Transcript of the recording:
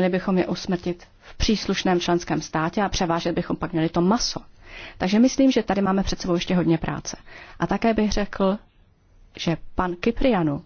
Měli bychom je usmrtit v příslušném členském státě a převážet bychom pak měli to maso. Takže myslím, že tady máme před sebou ještě hodně práce. A také bych řekl, že pan Kyprianu